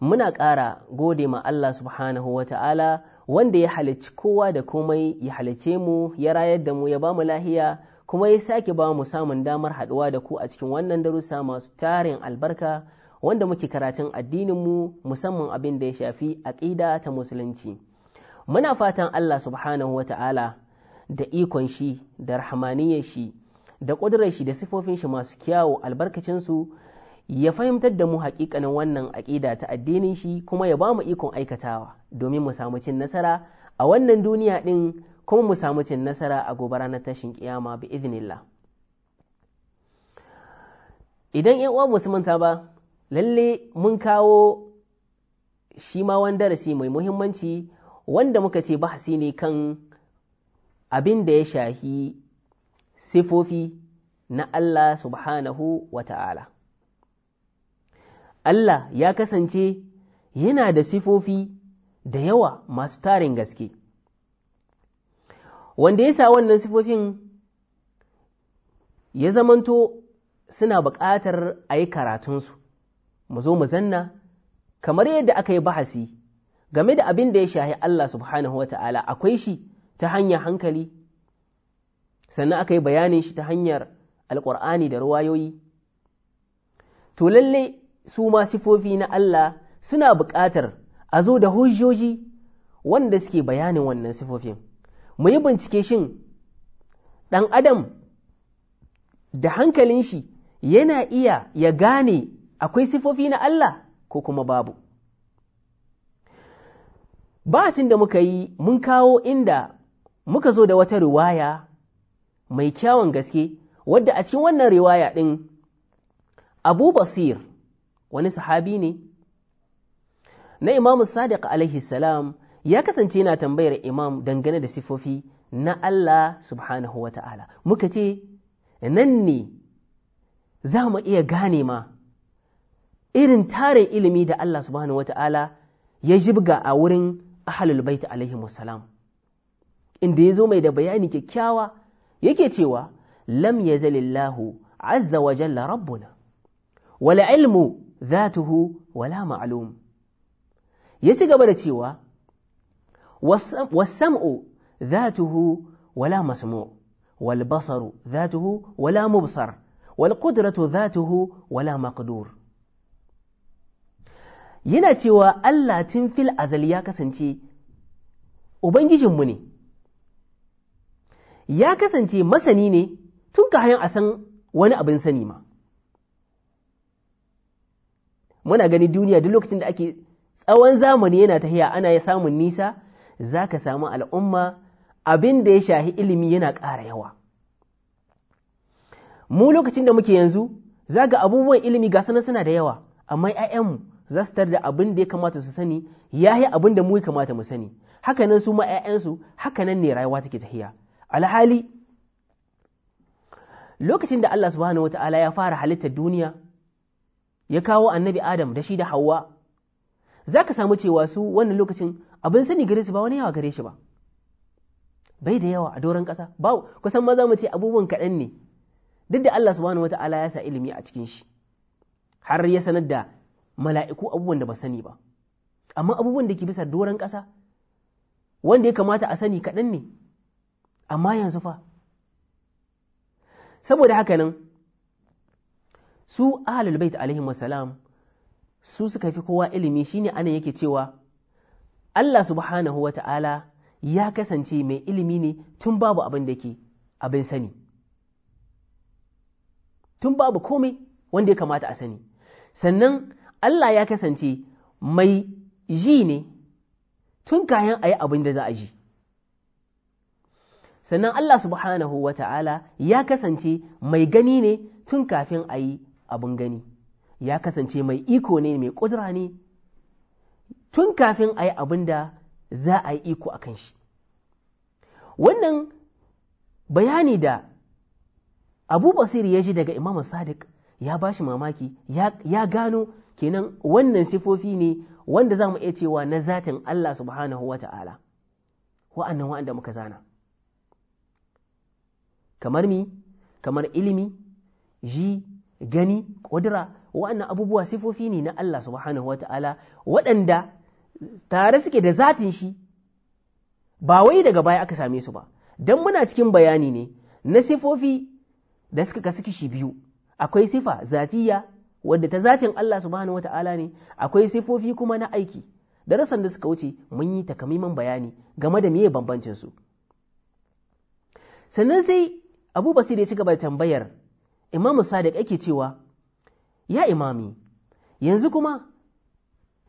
muna ƙara gode ma Allah subhanahu wa ta'ala wanda ya halicci kowa da komai ya halicce mu ya rayar da mu ya ba mu lahiya kuma ya sake ba mu samun damar haɗuwa da ku a cikin wannan darussa masu tarin albarka wanda muke karatun addinin mu musamman abin da ya shafi aƙida ta musulunci muna fatan Allah subhanahu wa ta'ala da ikon shi da rahmaniyar shi da ƙudurar shi da sifofin shi masu kyawu albarkacinsu ya fahimtar da mu haƙiƙanin wannan aƙida ta addinin shi kuma ya ba mu ikon aikatawa domin mu samu cin nasara a wannan duniya ɗin kuma mu samu cin nasara a gobe ranar tashin kiyama bi idan yan uwa musu manta ba lalle mun kawo shi ma wani darasi mai muhimmanci wanda muka ce bahasi ne kan abin da ya shahi sifofi na Allah subhanahu wa ta'ala Allah ya kasance yana da sifofi da yawa masu tarin gaske wanda ya sa wannan sifofin ya zamanto suna buƙatar a yi karatunsu mu zo mu zanna kamar yadda aka yi bahasi game da abin da ya shahi Allah subhanahu wa ta'ala akwai shi ta hanyar hankali sannan aka yi bayanin shi ta hanyar alƙur'ani da ruwayoyi to lalle su ma sifofi na Allah suna buƙatar a zo da hujjoji wanda suke bayanin wannan sifofin mu yi bincike shin ɗan adam da hankalin shi yana iya ya gane akwai sifofi na Allah ko kuma babu basin da muka yi mun kawo inda muka zo da wata riwaya mai kyawun gaske wadda a cikin wannan riwaya ɗin abu basir wani sahabi ne na imamu sadiq alaihi salam ya kasance yana tambayar imam dangane da sifofi na Allah subhanahu wa ta'ala muka ce nan ne za mu iya gane ma irin tarin ilimi da Allah subhanahu wa ta'ala ya jibga a wurin ahalul bait alaihi wasalam inda ya zo mai da bayani kyakkyawa yake cewa lam ya yazalillahu azza wa jalla rabbuna wal ilmu ذاته ولا معلوم يتي قبل تيوى والسمع ذاته ولا مسموع والبصر ذاته ولا مبصر والقدرة ذاته ولا مقدور yana cewa Allah tun fil azali ya kasance Ubangijinmu ne, ya kasance masani ne tun ka hayan a san wani abin sani ma, muna gani duniya duk lokacin da ake tsawon zamani yana tahiya ana ya samun nisa za ka samu al'umma abin da ya shahi ilimi yana ƙara yawa mu lokacin da muke yanzu za ga abubuwan ilimi ga sanar suna da yawa amma ‘ya'yanmu za su tar da abin da ya kamata su sani ya yi abin da mu ya kamata mu sani hakanan su ma ‘ya'yansu hakanan ne rayuwa take tahiya alhali lokacin da Allah subhanahu wa ta'ala ya fara halittar duniya ya kawo annabi Adam da shi da Hawwa za ka samu cewa su wannan lokacin abin sani gare su ba wani yawa gare shi ba bai da yawa a doron ƙasa ba kusan maza mu ce abubuwan kaɗan ne duk da Allah subhanahu ta'ala ya sa ilimi a cikin shi har ya sanar da mala'iku abubuwan da ba sani ba amma abubuwan da ke bisa doron ƙasa wanda ya kamata a sani kaɗan ne amma yanzu fa saboda haka nan su ahlul bait alaihi salam su suka fi kowa ilimi shine anan yake cewa Allah subhanahu wa ta'ala ya kasance mai ilimi ne tun babu abin da ke abin sani tun babu komai wanda ya kamata a sani sannan Allah ya kasance mai ji ne tun kayan a yi abin da za a ji sannan Allah subhanahu wa ta'ala ya kasance mai gani ne tun kafin a yi Abun gani ya kasance mai iko ne mai ƙudura ne tun kafin a yi abin da za a yi iko a kan shi wannan bayani da abu basir ya ji daga imam sadiq ya ba shi mamaki ya gano kenan wannan sifofi ne wanda za mu iya cewa na zatin Allah subhanahu wa ta'ala wa'annan wa'anda muka zana kamar mi kamar ilimi ji gani ƙudura wa'annan abubuwa sifofi ne na Allah subhanahu wata'ala waɗanda tare suke da zatin shi ba wai daga baya aka same su ba don muna cikin bayani ne na sifofi da suka kasu shi biyu akwai sifa zatiya wadda ta zatin Allah subhanahu wata'ala ne akwai sifofi kuma na aiki darasan da suka wuce mun yi takamaiman bayani game da meye bambancin su sannan sai Abu Basir ya ci gaba da tambayar imamu sadiq ake cewa ya imami yanzu kuma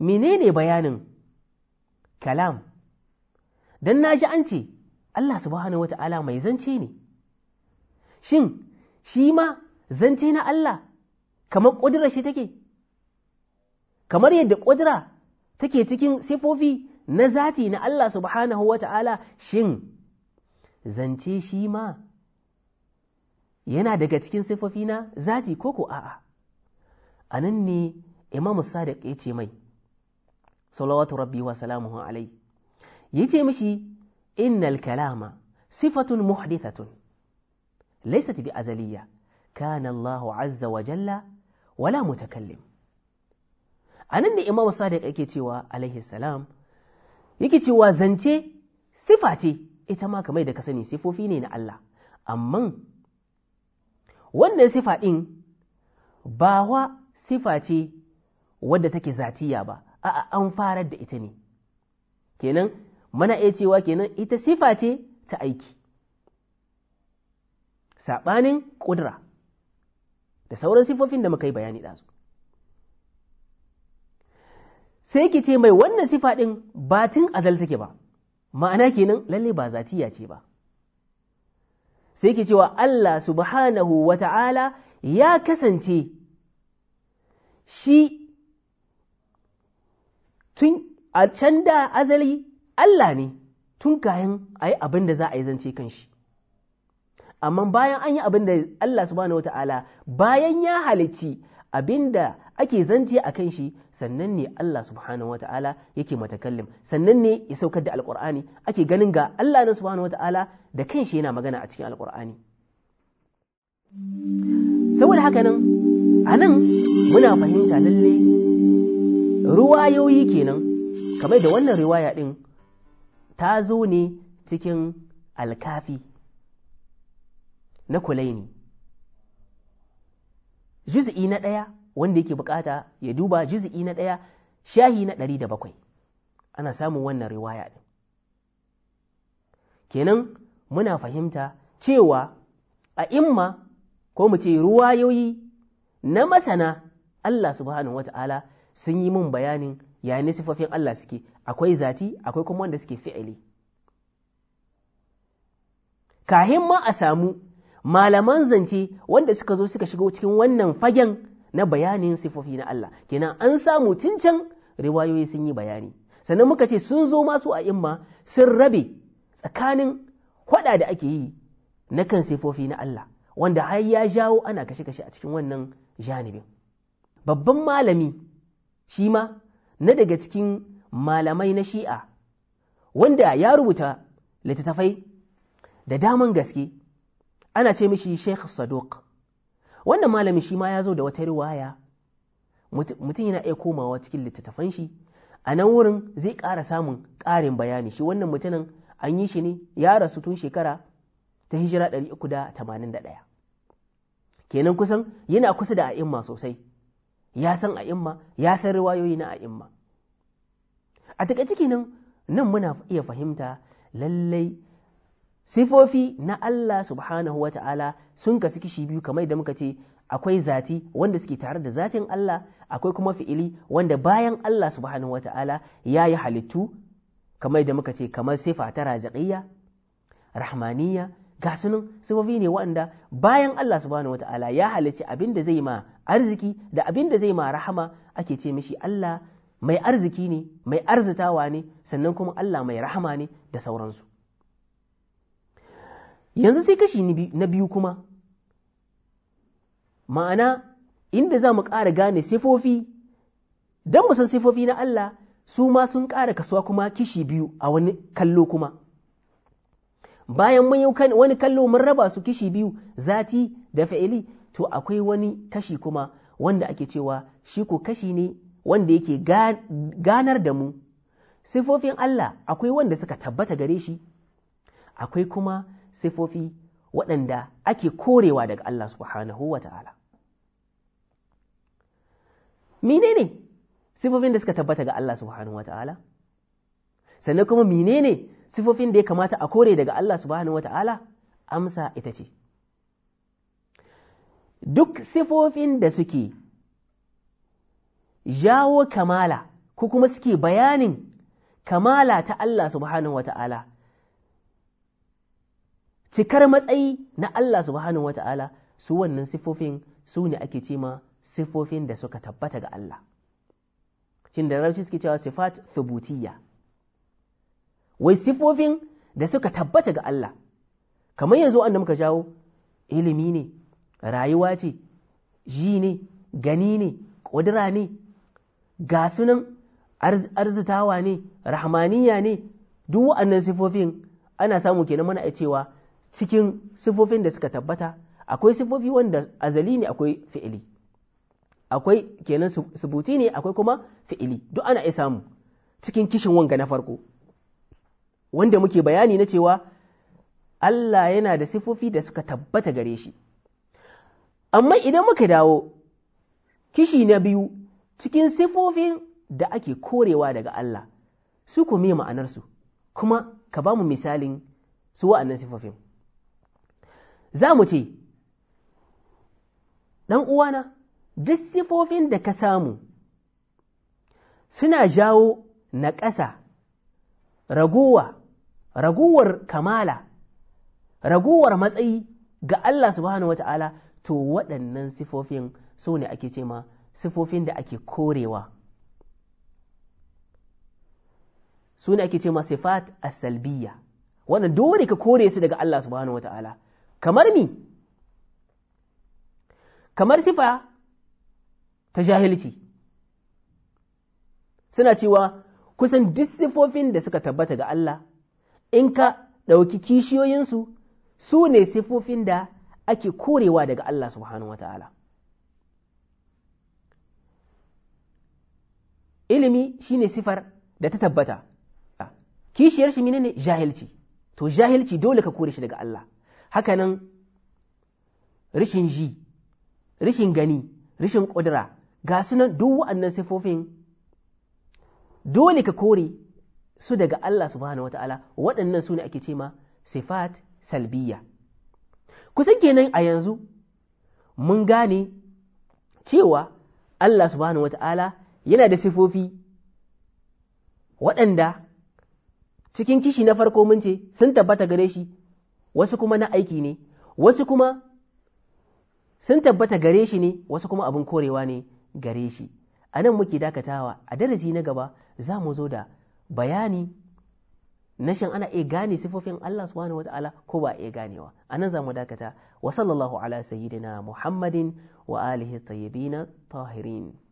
menene bayanin kalam don na ji an ce Allah subhanahu wa mai zance ne shin shi ma zance na Allah kamar ƙudura shi take kamar yadda ƙudura take cikin sifofi na zati na Allah subhanahu wa shin zance shi ma yana daga cikin sifofi na zaji ko ko a'a a nan ne imamu sadiq ya ce mai salawatu rabbi wa salamuhu alai ya ce mishi innal kalama sifatun muhdithatun laysat bi azaliya kana Allah azza wa jalla wala mutakallim a nan ne imamu sadiq yake cewa alaihi salam yake cewa zance sifa ce ita ma kamar da ka sani sifofi ne na Allah amman wannan sifa ɗin ba wa sifa ce wadda take zatiya ba a'a an fara da ita ne kenan mana iya cewa kenan ita sifa ce ta aiki saɓanin ƙudura da sauran sifofin da muka yi bayani ɗazu sai ki ce mai wannan sifa ɗin batin azal take ba ma'ana kenan lalle ba zatiya ce ba sai ke cewa Allah subhanahu wa ta'ala ya kasance shi tun a can da azali Allah ne tun kayan a yi abin da za a yi zance kan shi. Amma bayan an yi abin da Allah subhanahu wa ta'ala bayan ya halicci abin da ake zance a kan shi sannan ne Allah subhanahu wa ta'ala yake matakallim sannan ne ya saukar da alkur'ani ake ganin ga Allah na subhanahu wa ta'ala da kan shi yana magana a cikin alkur'ani saboda haka nan a nan muna fahimta lalle ruwayoyi kenan kamar da wannan riwaya din ta zo ne cikin alkafi na kulaini juz'i na ɗaya wanda yake bukata ya duba jizi'i na ɗaya shahi na ɗari da bakwai ana samun wannan riwaya ɗin kenan muna fahimta cewa a imma ko mu ce ruwayoyi na masana Allah subhanahu wata'ala sun yi mun bayanin ne sifofin Allah suke akwai zati akwai kuma wanda suke fi'ili kahin ma a samu malaman zance wanda suka zo suka shigo cikin wannan fagen na bayanin sifofi na Allah kenan an samu tincan riwayoyi sun yi bayani sannan muka ce sun zo masu a imma sun rabe tsakanin hwada da ake yi na kan sifofi na Allah wanda har ya jawo ana kashe-kashe a cikin wannan janibin babban malami shi ma na daga cikin malamai na shi'a wanda ya rubuta littattafai da daman gaske ana ce mishi Sheikh Sadoq. wannan malami shi ma ya zo da wata riwaya mutum yana iya komawa cikin littattafan shi a nan wurin zai ƙara samun ƙarin bayani shi wannan mutumin an yi shi ne ya rasu tun shekara ta hijira uku da da tamanin ɗaya. kenan kusan yana kusa da a'imma sosai ya san a'imma ya san riwayoyi na a'imma a takaice kenan nan muna iya fahimta lallai sifofi na Allah subhanahu wa ta'ala sun kasu kishi biyu kamar da muka ce akwai zati wanda suke tare da zatin Allah akwai kuma fi'ili wanda bayan Allah subhanahu wa ta'ala ya yi halittu kamar da muka ce kamar sifa ta raziƙiyya rahmaniyya ga sunan sifofi ne wanda bayan Allah subhanahu wa ta'ala ya halicci abin da zai ma arziki da abin da zai ma rahama ake ce mishi Allah mai arziki ne mai arzitawa ne sannan kuma Allah mai rahama ne da sauransu yanzu sai kashi na biyu kuma ma'ana inda za mu ƙara gane sifofi don mu san sifofi na Allah su ma sun ƙara kasuwa kuma kishi biyu a wani kallo kuma bayan mun yi wani kallo mun raba su kishi biyu zati da fa'ili to akwai wani kashi kuma wanda ake cewa shi ko kashi ne wanda yake ganar da mu sifofin Allah akwai wanda suka tabbata gare shi akwai kuma sifofi waɗanda ake korewa daga Allah subhanahu wa ta'ala. Menene sifofin da suka tabbata ga Allah subhanahu wa ta'ala? Sannan kuma menene sifofin da ya kamata a kore daga Allah subhanahu wa ta'ala? Amsa ita ce. Duk sifofin da suke jawo kamala ko kuma suke bayanin kamala ta Allah subhanahu wa ta'ala cikar matsayi na Allah subhanahu wa ta'ala su wannan sifofin su ne ake ce ma siffofin da suka tabbata ga Allah shin da rauci suke cewa sifat thubutiyya wai siffofin da suka tabbata ga Allah kamar yanzu da muka jawo ilimi ne rayuwa ce ji ne gani ne ƙudura ne ga sunan arzitawa ne rahmaniya ne duk wa'annan sifofin ana samu kenan mana a cewa cikin sifofin da suka tabbata akwai sifofi wanda azali ne akwai fi'ili akwai kenan subuti ne akwai kuma fi'ili duk ana iya samu cikin kishin wanga na farko wanda muke bayani na cewa Allah yana da sifofi da suka tabbata gare shi amma idan muka dawo kishi na biyu cikin sifofin da ake korewa daga Allah su ku me ma'anarsu kuma ka ba mu misalin su wa'annan sifofin za mu ce ɗan uwana duk sifofin da ka samu suna jawo na ƙasa raguwar kamala raguwar matsayi ga Allah subhanahu wata'ala to waɗannan sifofin su ne ake ce ma sifofin da ake korewa su ne ake ce ma sifat salbiyya wannan dole ka kore su daga Allah subhanahu wata'ala kamar mi kamar sifa ta jahilci suna cewa kusan duk sifofin da suka tabbata ga Allah in ka ɗauki kishiyoyinsu su ne sifofin da ake korewa daga Allah subhanahu wata'ala ilimi shine sifar da ta tabbata kishiyar shi ne jahilci to jahilci dole ka kore shi daga Allah hakanan rishin ji rishin gani rishin ƙudura ga su nan duk wa'annan sifofin dole ka kore su daga Allah subhanahu wata'ala waɗannan su ne ake ce ma sifat salbiya kusan kenan a yanzu mun gane cewa Allah subhanahu wata'ala yana da sifofi waɗanda cikin kishi na farko mun ce sun tabbata gare shi wasu kuma na aiki ne wasu kuma sun tabbata gare shi ne wasu kuma abin korewa ne gare shi a nan muke dakatawa a darasi na gaba za mu zo da bayani na shan ana iya gane sifofin Allah subhanahu ta'ala ko ba iya ganewa a nan za mu dakata wa sallallahu ala sayyidina muhammadin wa alihi tayyibina tahirin